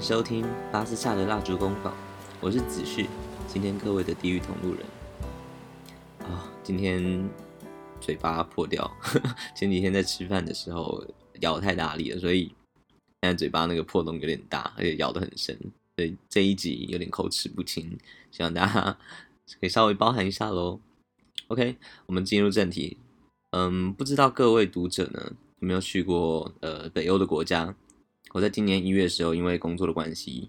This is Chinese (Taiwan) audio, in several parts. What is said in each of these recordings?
收聽巴斯夏的蠟燭工坊，我是子旭，今天各位的地獄同路人。啊、哦，今天嘴巴破掉，呵呵前幾天在吃飯的時候咬太大力了，所以現在嘴巴那個破洞有點大，而且咬的很深，所以這一集有點口齒不清，希望大家可以稍微包涵一下嘍。OK，我們進入正題。嗯，不知道各位讀者呢有沒有去過呃北歐的國家？我在今年一月的時候，因為工作的關係，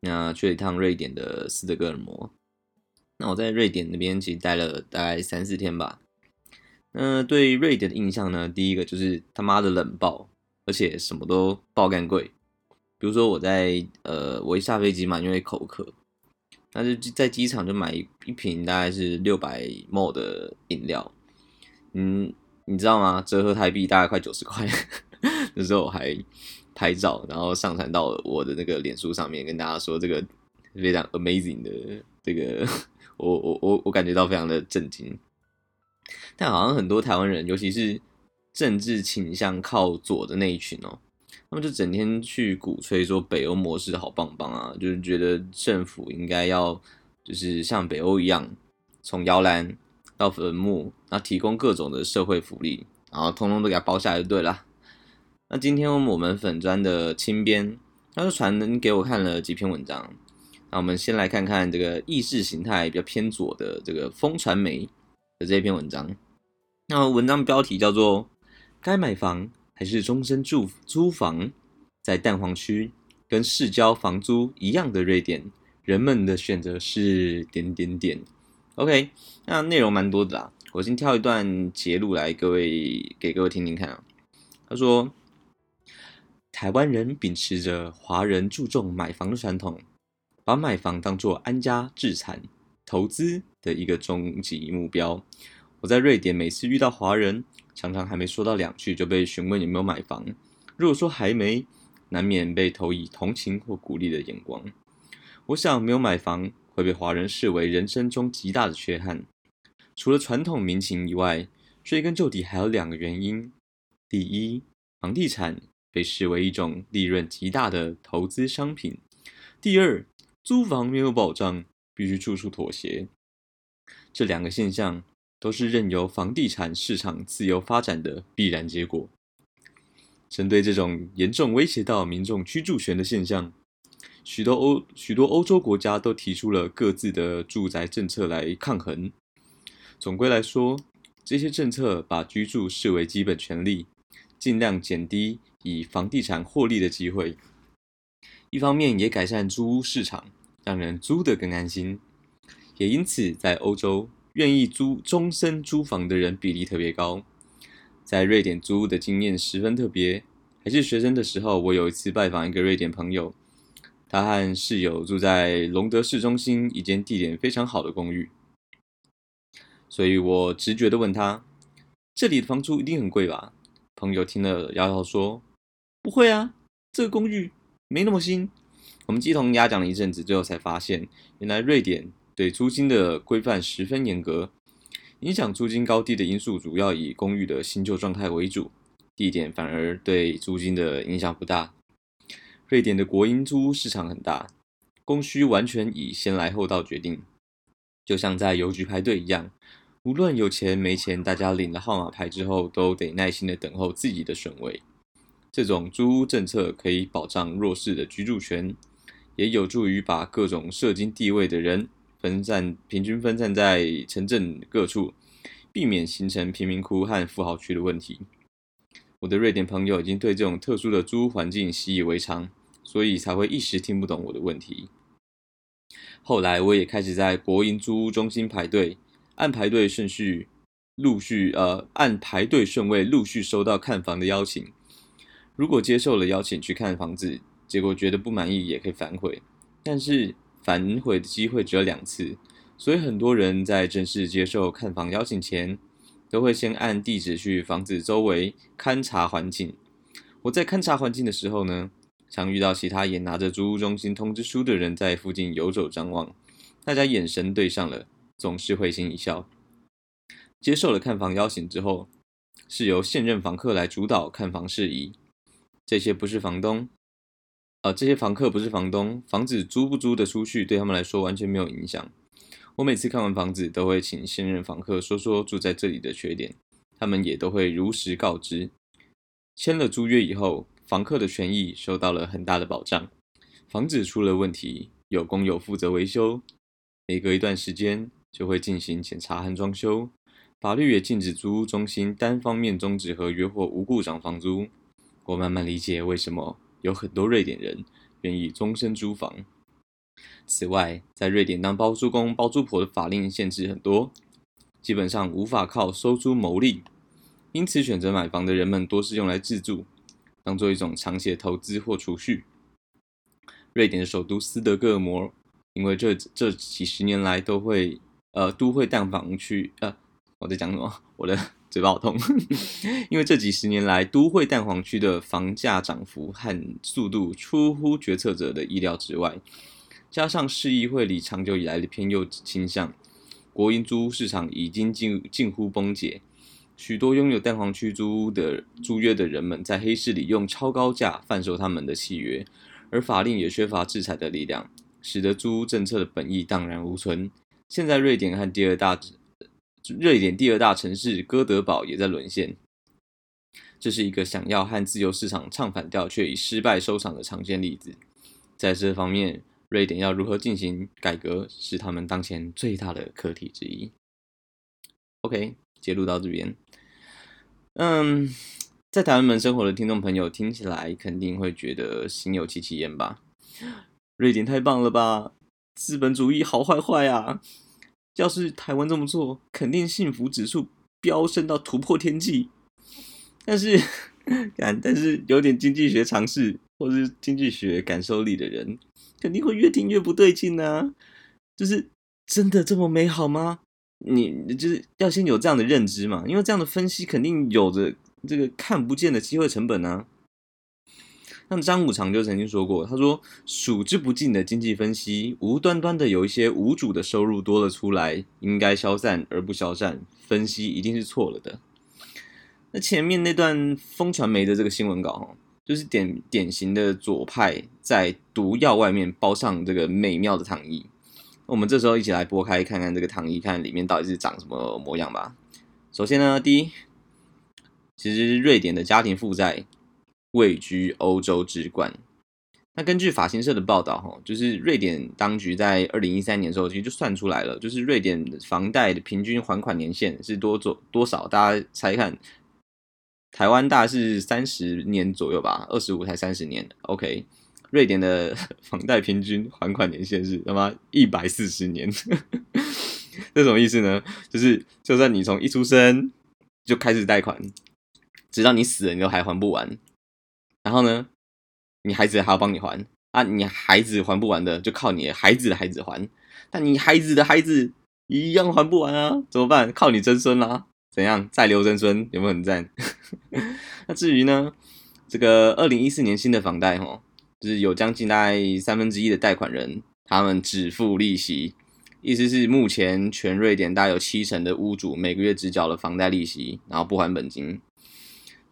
那去了一趟瑞典的斯德哥爾摩。那我在瑞典那邊其實待了大概三四天吧。那對瑞典的印象呢，第一個就是他媽的冷爆，而且什麼都爆幹貴。比如說我在呃，我一下飛機嘛，因為口渴，那就在機場就買一瓶大概是六百 ml 的飲料。嗯，你知道嗎？折合台幣大概快九十塊。 那時候我還拍照，然後上傳到我的那個臉書上面，跟大家說這個非常 amazing 的這個，我我我我感覺到非常的震驚。但好像很多台灣人，尤其是政治傾向靠左的那一群哦，他們就整天去鼓吹說北歐模式好棒棒啊，就是覺得政府應該要就是像北歐一樣，從搖籃到墳墓，然後提供各種的社會福利，然後通通都給它包下來就對了。那今天我們粉專的清邊，他說傳人給我看了幾篇文章，那我們先來看看這個意識形態比較偏左的這個風傳媒的這篇文章。那文章標題叫做《該買房還是終身住租房？在蛋黃區跟市郊房租一樣的瑞典，人們的選擇是點點點》。OK，那內容蠻多的啊，我先挑一段節錄來，各位給各位聽聽看啊。他說。台灣人秉持着華人注重買房的傳統，把買房當作安家、置產、投資的一個終極目標。我在瑞典每次遇到華人，常常還沒說到兩句就被詢問有沒有買房。如果說還沒，難免被投以同情或鼓勵的眼光。我想，沒有買房會被華人視為人生中極大的缺憾。除了傳統民情以外，追根究底還有兩個原因：第一，房地產。被視為一種利潤極大的投資商品。第二，租房沒有保障，必須處處妥協。這兩個現象都是任由房地產市場自由發展的必然結果。針對這種嚴重威脅到民眾居住權的現象，許多歐許多歐洲國家都提出了各自的住宅政策來抗衡。總歸來說，這些政策把居住視為基本權利，盡量減低。以房地產獲利的機會，一方面也改善租屋市場，讓人租得更安心。也因此，在歐洲，願意租終身租房的人比例特別高。在瑞典租屋的經驗十分特別。還是學生的時候，我有一次拜訪一個瑞典朋友，他和室友住在隆德市中心一間地點非常好的公寓，所以我直覺地問他：“這裡的房租一定很貴吧？”朋友聽了搖搖頭說。不會啊，這個公寓沒那麼新。我們雞同鴨講了一陣子，最後才發現，原來瑞典對租金的規範十分嚴格。影響租金高低的因素主要以公寓的新舊狀態為主，地點反而對租金的影響不大。瑞典的國營租屋市場很大，供需完全以先來後到決定，就像在郵局排隊一樣，無論有錢沒錢，大家領了號碼牌之後，都得耐心地等候自己的順位。這種租屋政策可以保障弱勢的居住權，也有助於把各種社經地位的人分散、平均分散在城鎮各處，避免形成貧民窟和富豪區的問題。我的瑞典朋友已經對這種特殊的租屋環境習以為常，所以才會一時聽不懂我的問題。後來我也開始在國營租屋中心排隊，按排隊順序陸續呃，按排隊順位陸續收到看房的邀請。如果接受了邀請去看房子，結果覺得不滿意也可以反悔，但是反悔的機會只有兩次，所以很多人在正式接受看房邀請前，都會先按地址去房子周圍勘察環境。我在勘察環境的時候呢，常遇到其他也拿着租屋中心通知書的人在附近遊走張望，大家眼神對上了，總是會心一笑。接受了看房邀請之後，是由現任房客來主導看房事宜。這些不是房東啊，呃，這些房客不是房東，房子租不租得出去對他們來說完全沒有影響。我每次看完房子，都會請現任房客說說住在這裡的缺點，他們也都會如實告知。簽了租約以後，房客的權益受到了很大的保障。房子出了問題，有工友負責維修，每隔一段時間就會進行檢查和裝修。法律也禁止租屋中心單方面終止合約或無故漲房租。我慢慢理解為什麼有很多瑞典人願意終身租房。此外，在瑞典當包租公、包租婆的法令限制很多，基本上無法靠收租牟利，因此選擇買房的人們多是用來自住，當做一種長期的投資或儲蓄。瑞典的首都斯德哥爾摩，因為這這幾十年來都會呃都會淡房區呃，我在講什麼？我的。嘴巴好痛， 因為這幾十年來，都會蛋黃區的房價漲幅和速度出乎決策者的意料之外，加上市議會裡長久以來的偏右傾向，國營租屋市場已經近近乎崩解。許多擁有蛋黃區租屋的租約的人們，在黑市裡用超高價販售他們的契約，而法令也缺乏制裁的力量，使得租屋政策的本意蕩然無存。現在，瑞典和第二大。瑞典第二大城市哥德堡也在淪陷，這是一個想要和自由市場唱反調卻以失敗收場的常見例子。在這方面，瑞典要如何進行改革是他們當前最大的課題之一。OK，結束到這邊，嗯，在台灣生活的聽眾朋友聽起來肯定會覺得心有戚戚焉吧？瑞典太棒了吧？資本主義好壞壞啊！要是台灣這麼做，肯定幸福指數飆升到突破天際。但是，但但是有點經濟學常識或是經濟學感受力的人，肯定會越聽越不對勁呢，啊。就是真的這麼美好嗎？你就是要先有這樣的認知嘛，因為這樣的分析肯定有着這個看不見的機會成本啊。那麼張五常就曾經說過，他說數之不盡的經濟分析，無端端的有一些無主的收入多了出來，應該消散而不消散，分析一定是錯了的。那前面那段風傳媒的這個新聞稿，就是典典型的左派在毒藥外面包上這個美妙的糖衣。我們這時候一起來剝開看看這個糖衣，看看裡面到底是長什麼模樣吧。首先呢，第一，其實瑞典的家庭負債，位居歐洲之冠。那根據法新社的報道，哈，就是瑞典當局在二零一三年的時候，其實就算出來了，就是瑞典的房貸的平均還款年限是多左多少？大家猜一看，台灣大概是三十年左右吧，二十五還三十年 OK，瑞典的房貸平均還款年限是他媽一百四十年。 這什麼意思呢？就是就算你從一出生就開始貸款，直到你死，你都還還不完。然後呢，你孩子還要幫你還啊。你孩子還不完的，就靠你孩子的孩子還。但你孩子的孩子一樣還不完啊，怎麼辦？靠你曾孫啦、啊？怎樣？再留曾孫？有沒有很讚？ 那至於呢，這個二零一四年新的房貸哈，就是有將近大概三分之一的貸款人，他們只付利息，意思是目前全瑞典大概有七成的屋主每個月只繳了房貸利息，然後不還本金。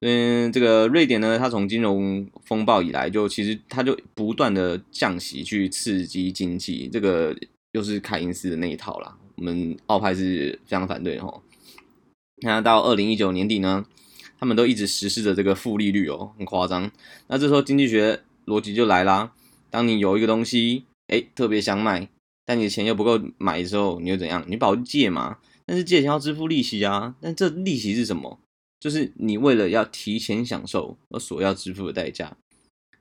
嗯，這個瑞典呢，它從金融風暴以來，就其實它就不斷的降息去刺激經濟，這個又是凱因斯的那一套啦。我們澳派是非常反對的齁。那到二零一九年底呢，他們都一直實施着這個負利率哦、喔，很誇張。那這時候經濟學邏輯就來啦，當你有一個東西，哎、欸，特別想買，但你的錢又不夠買的時候，你又怎樣？你跑去借嘛？但是借錢要支付利息啊，但這利息是什麼？就是你為了要提前享受而所要支付的代價，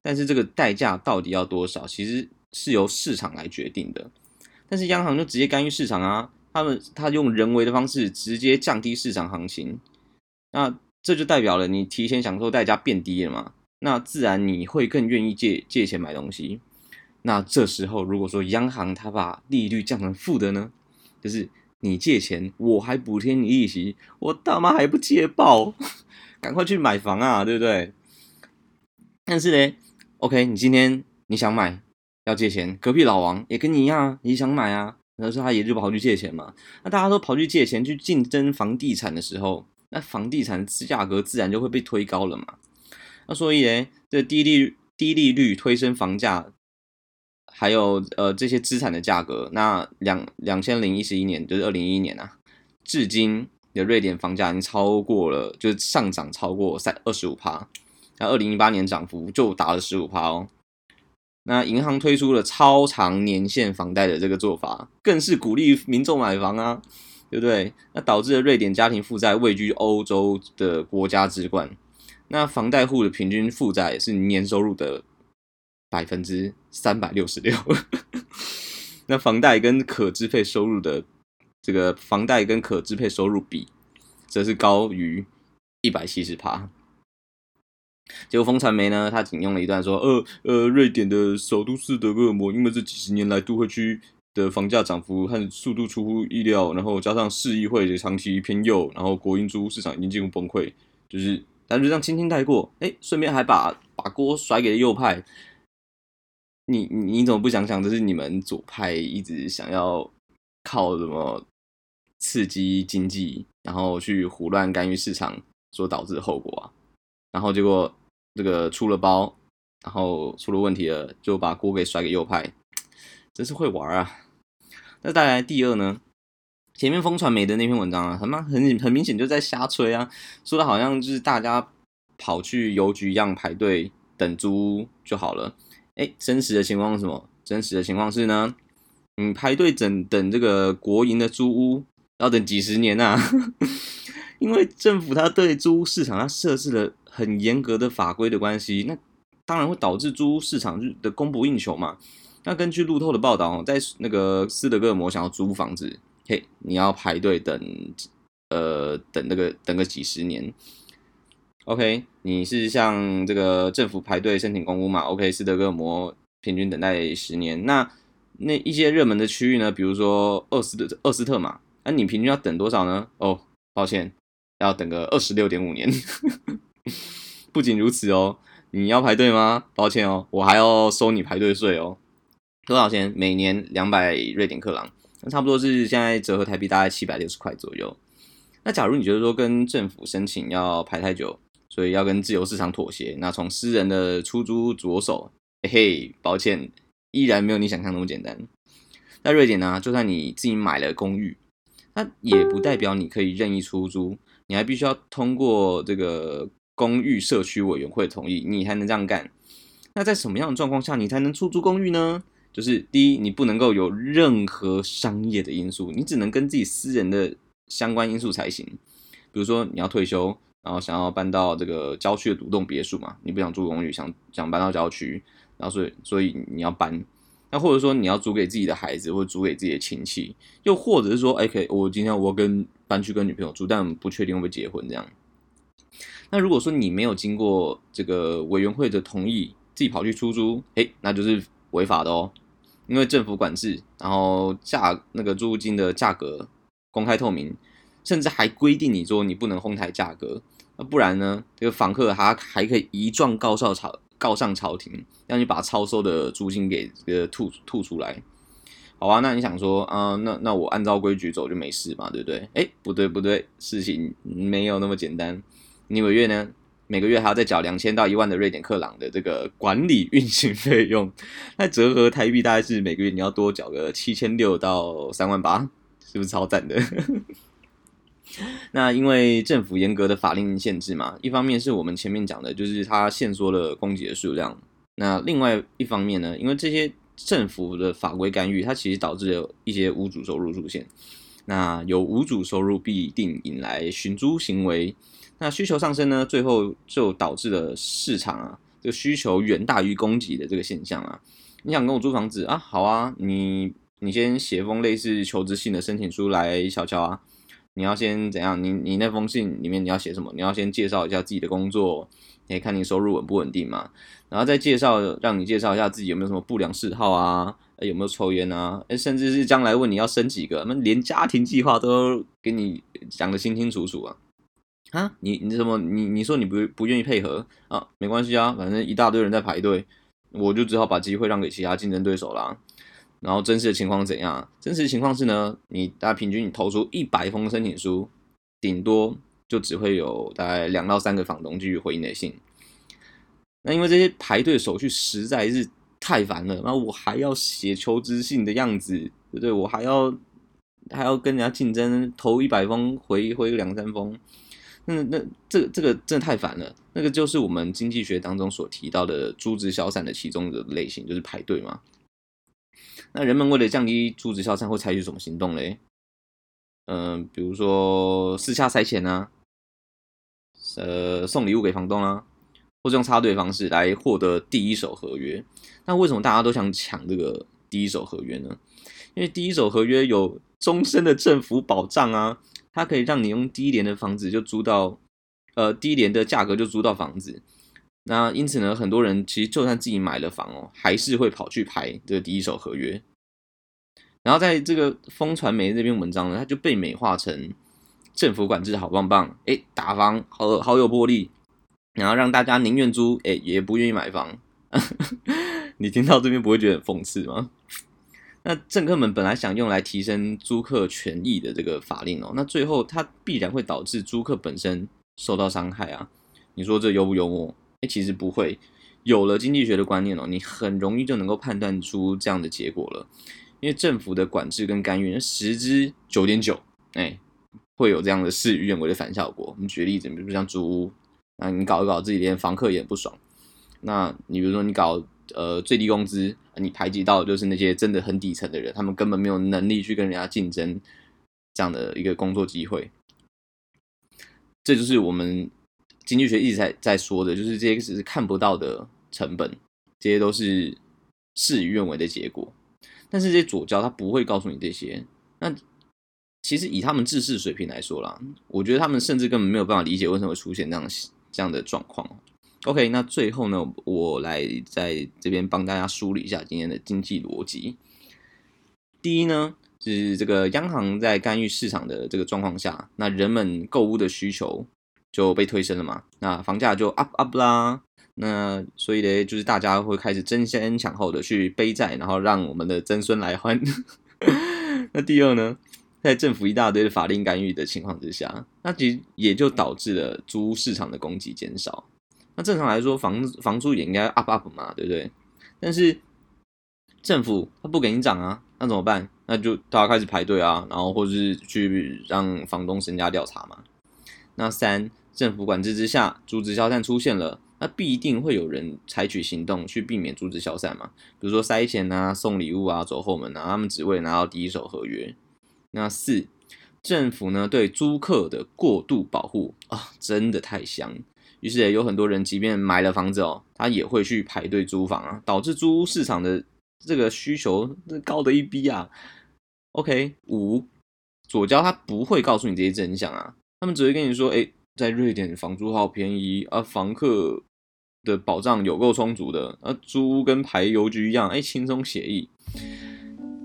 但是這個代價到底要多少，其實是由市場來決定的。但是央行就直接干預市場啊，他們他用人為的方式直接降低市場行情，那這就代表了你提前享受代價變低了嘛？那自然你會更願意借借錢買東西。那這時候如果說央行他把利率降成負的呢？就是。你借錢，我還補貼你利息，我他媽還不借爆？趕快去買房啊，對不對？但是呢，OK，你今天你想買，要借錢，隔壁老王也跟你一樣啊，你想買啊，可是他也就跑去借錢嘛。那大家都跑去借錢去競爭房地產的時候，那房地產價格自然就會被推高了嘛。那所以呢，這個、低利率低利率推升房價。還有呃這些資產的價格，那兩兩千零一十一年就是二零一一年啊，至今的瑞典房價已經超過了，就是上漲超過三二十五趴，那二零一八年漲幅就達了十五趴哦。那銀行推出了超長年限房貸的這個做法，更是鼓勵民眾買房啊，對不對？那導致了瑞典家庭負債位居歐洲的國家之冠，那房貸戶的平均負債是年收入的。百分之三百六十六， 那房貸跟可支配收入的這個房貸跟可支配收入比則，則是高於一百七十趴。結果，風傳媒呢，他僅用了一段說：“呃呃，瑞典的首都斯德哥爾摩，因為這幾十年來都會區的房價漲幅和速度出乎意料，然後加上市議會長期偏右，然後國營租屋市場已經進入崩潰。”就是，他就這樣輕輕帶過，哎、欸，順便還把把鍋甩給了右派。你你怎麼不想想，這是你們左派一直想要靠什麼刺激經濟，然後去胡亂干預市場所導致的後果啊？然後結果這個出了包，然後出了問題了，就把鍋給甩給右派，真是會玩啊！那再來第二呢？前面風傳媒的那篇文章啊，很媽很很明顯就在瞎吹啊，說的好像就是大家跑去郵局一樣排隊等租就好了。哎，真實的情況是什麼？真實的情況是呢，你排隊等等這個國營的租屋，要等幾十年吶、啊， 因為政府它對租屋市場它設置了很嚴格的法規的關係，那當然會導致租屋市場的供不應求嘛。那根據路透的報道、哦，在那個斯德哥爾摩想要租房子，嘿，你要排隊等，呃，等那、這個等個幾十年。O.K. 你是向這個政府排隊申請公屋嘛？O.K. 斯德哥爾摩平均等待十年。那那一些熱門的區域呢？比如說厄斯特厄斯特嘛，那、啊、你平均要等多少呢？哦，抱歉，要等個二十六點五年。 不僅如此哦，你要排隊嗎？抱歉哦，我還要收你排隊稅哦。多少錢？每年兩百瑞典克朗，那差不多是現在折合台幣大概七百六十塊左右。那假如你覺得說跟政府申請要排太久，所以要跟自由市場妥協。那從私人的出租着手，嘿、欸、嘿，抱歉，依然沒有你想象那麼簡單。那瑞典呢？就算你自己買了公寓，那也不代表你可以任意出租，你還必須要通過這個公寓社區委員會同意，你才能這樣幹。那在什麼樣的狀況下你才能出租公寓呢？就是第一，你不能夠有任何商業的因素，你只能跟自己私人的相關因素才行。比如說，你要退休。然後想要搬到這個郊區的獨棟別墅嘛？你不想住公寓，想想搬到郊區，然後所以所以你要搬，那或者說你要租給自己的孩子，或者租給自己的親戚，又或者是說，哎，可以，我今天要我跟搬去跟女朋友住，但不確定會不會結婚這樣。那如果說你沒有經過這個委員會的同意，自己跑去出租，哎，那就是違法的哦，因為政府管制，然後價，那個租金的價格公開透明，甚至還規定你說你不能哄抬價格。那不然呢？這個房客他還可以一狀告上朝，告上朝廷，讓你把超收的租金給這個吐吐出來。好啊，那你想說，啊、呃，那那我按照規矩走就沒事嘛，對不對？哎，不對不對，事情沒有那麼簡單。你每月呢，每個月還要再繳兩千到一萬的瑞典克朗的這個管理運行費用，那折合台幣大概是每個月你要多繳個七千六到三萬八，是不是超讚的？ 那因為政府嚴格的法令限制嘛，一方面是我們前面講的，就是它限縮了供給的數量。那另外一方面呢，因為這些政府的法規干預，它其實導致了一些無主收入出現。那有無主收入，必定引來尋租行為。那需求上升呢，最後就導致了市場啊，就需求遠大於供給的這個現象啊。你想跟我租房子啊？好啊，你你先寫封類似求職信的申請書來瞧瞧啊。你要先怎樣？你你那封信裡面你要寫什麼？你要先介紹一下自己的工作，誒、欸，看你收入穩不穩定嘛。然後再介紹，讓你介紹一下自己有沒有什麼不良嗜好啊？欸、有沒有抽煙啊、欸？甚至是將來問你要生幾個，那連家庭計劃都給你講得清清楚楚啊！啊，你你什麼？你你說你不不願意配合啊？沒關係啊，反正一大堆人在排隊，我就只好把機會讓給其他競爭對手啦。然後真實的情況是怎樣？真實情況是呢，你大家平均你投出一百封申請書，頂多就只會有大概兩到三個房東繼續回你的信。那因為這些排隊手續實在是太煩了，那我還要寫求職信的樣子，對不對？我還要還要跟人家競爭，投100一百封回回個兩三封，那那這個、這個真的太煩了。那個就是我們經濟學當中所提到的“租值消散”的其中的類型，就是排隊嘛。那人們為了降低租值消散會採取什麼行動嘞？嗯、呃，比如說私下塞錢啊，呃，送禮物給房東啊，或者用插隊方式來獲得第一手合約。那為什麼大家都想搶這個第一手合約呢？因為第一手合約有終身的政府保障啊，它可以讓你用低廉的房子就租到，呃，低廉的價格就租到房子。那因此呢，很多人其實就算自己買了房哦，還是會跑去排這個第一手合約。然後在這個風傳媒這篇文章呢，它就被美化成政府管制好棒棒，誒，打房好好有魄力，然後讓大家寧願租，誒，也不願意買房。 你聽到這邊不會覺得很諷刺嗎？那政客們本來想用來提升租客權益的這個法令哦，那最後它必然會導致租客本身受到傷害啊。你說這幽不幽默？其實不會，有了經濟學的觀念哦，你很容易就能夠判斷出這樣的結果了。因為政府的管制跟干預，十之九點九，哎，會有這樣的事與願違的反效果。我們舉例子，比如說像租屋，那你搞一搞，自己連房客也不爽。那你比如說你搞呃最低工資，你排擠到的就是那些真的很底層的人，他們根本沒有能力去跟人家競爭這樣的一個工作機會。這就是我們。經濟學一直在在說的，就是這些只是看不到的成本，這些都是事與願違的結果。但是這些左膠他不會告訴你這些。那其實以他們知識水平來說啦，我覺得他們甚至根本沒有辦法理解為什麼會出現這樣這樣的狀況。OK，那最後呢，我來在這邊幫大家梳理一下今天的經濟邏輯。第一呢，就是這個央行在干預市場的這個狀況下，那人們購物的需求。就被推升了嘛，那房價就 up up 啦，那所以呢，就是大家會開始爭先搶後的去背債，然後讓我們的曾孫來還。 那第二呢，在政府一大堆的法令干預的情況之下，那其實也就導致了租屋市場的供給減少。那正常來說房，房房租也應該 up up 嘛，對不對？但是政府他不給你漲啊，那怎麼辦？那就大家開始排隊啊，然後或者是去讓房東身家調查嘛。那三。政府管制之下，租值消散出現了，那必定會有人採取行動去避免租值消散嘛，比如說塞錢啊、送禮物啊、走後門啊，他們只為拿到第一手合約。那四政府呢對租客的過度保護啊，真的太香，於是有很多人即便買了房子哦，他也會去排隊租房啊，導致租屋市場的這個需求高得一逼啊。OK 五，左膠他不會告訴你這些真相啊，他們只會跟你說哎。欸在瑞典，房租好便宜，而、啊、房客的保障有夠充足的。而、啊、租屋跟排郵局一樣，哎，輕鬆寫意。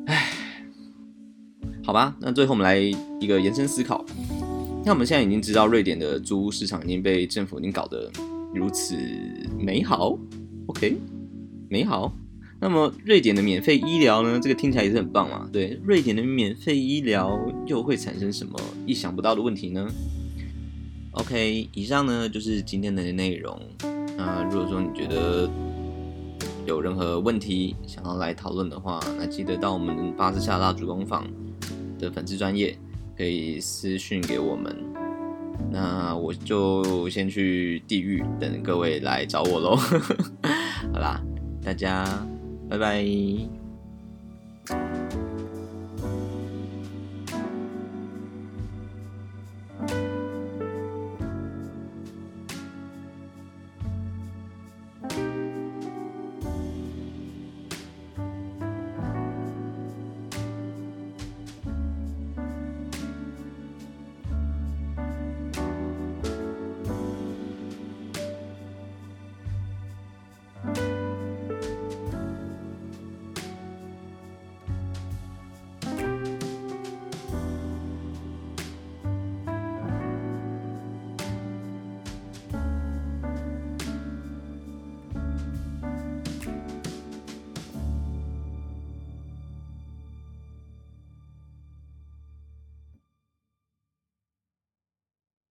哎，好吧，那最後我們來一個延伸思考。那我們現在已經知道，瑞典的租屋市場已經被政府已經搞得如此美好。OK，美好。那麼，瑞典的免費醫療呢？這個聽起來也是很棒嘛。對，瑞典的免費醫療又會產生什麼意想不到的問題呢？OK，以上呢就是今天的內容。那如果說你覺得有任何問題想要來討論的話，那記得到我們巴士下拉主攻坊的粉絲專頁可以私訊給我們。那我就先去地獄等各位來找我嘍。 好啦，大家拜拜。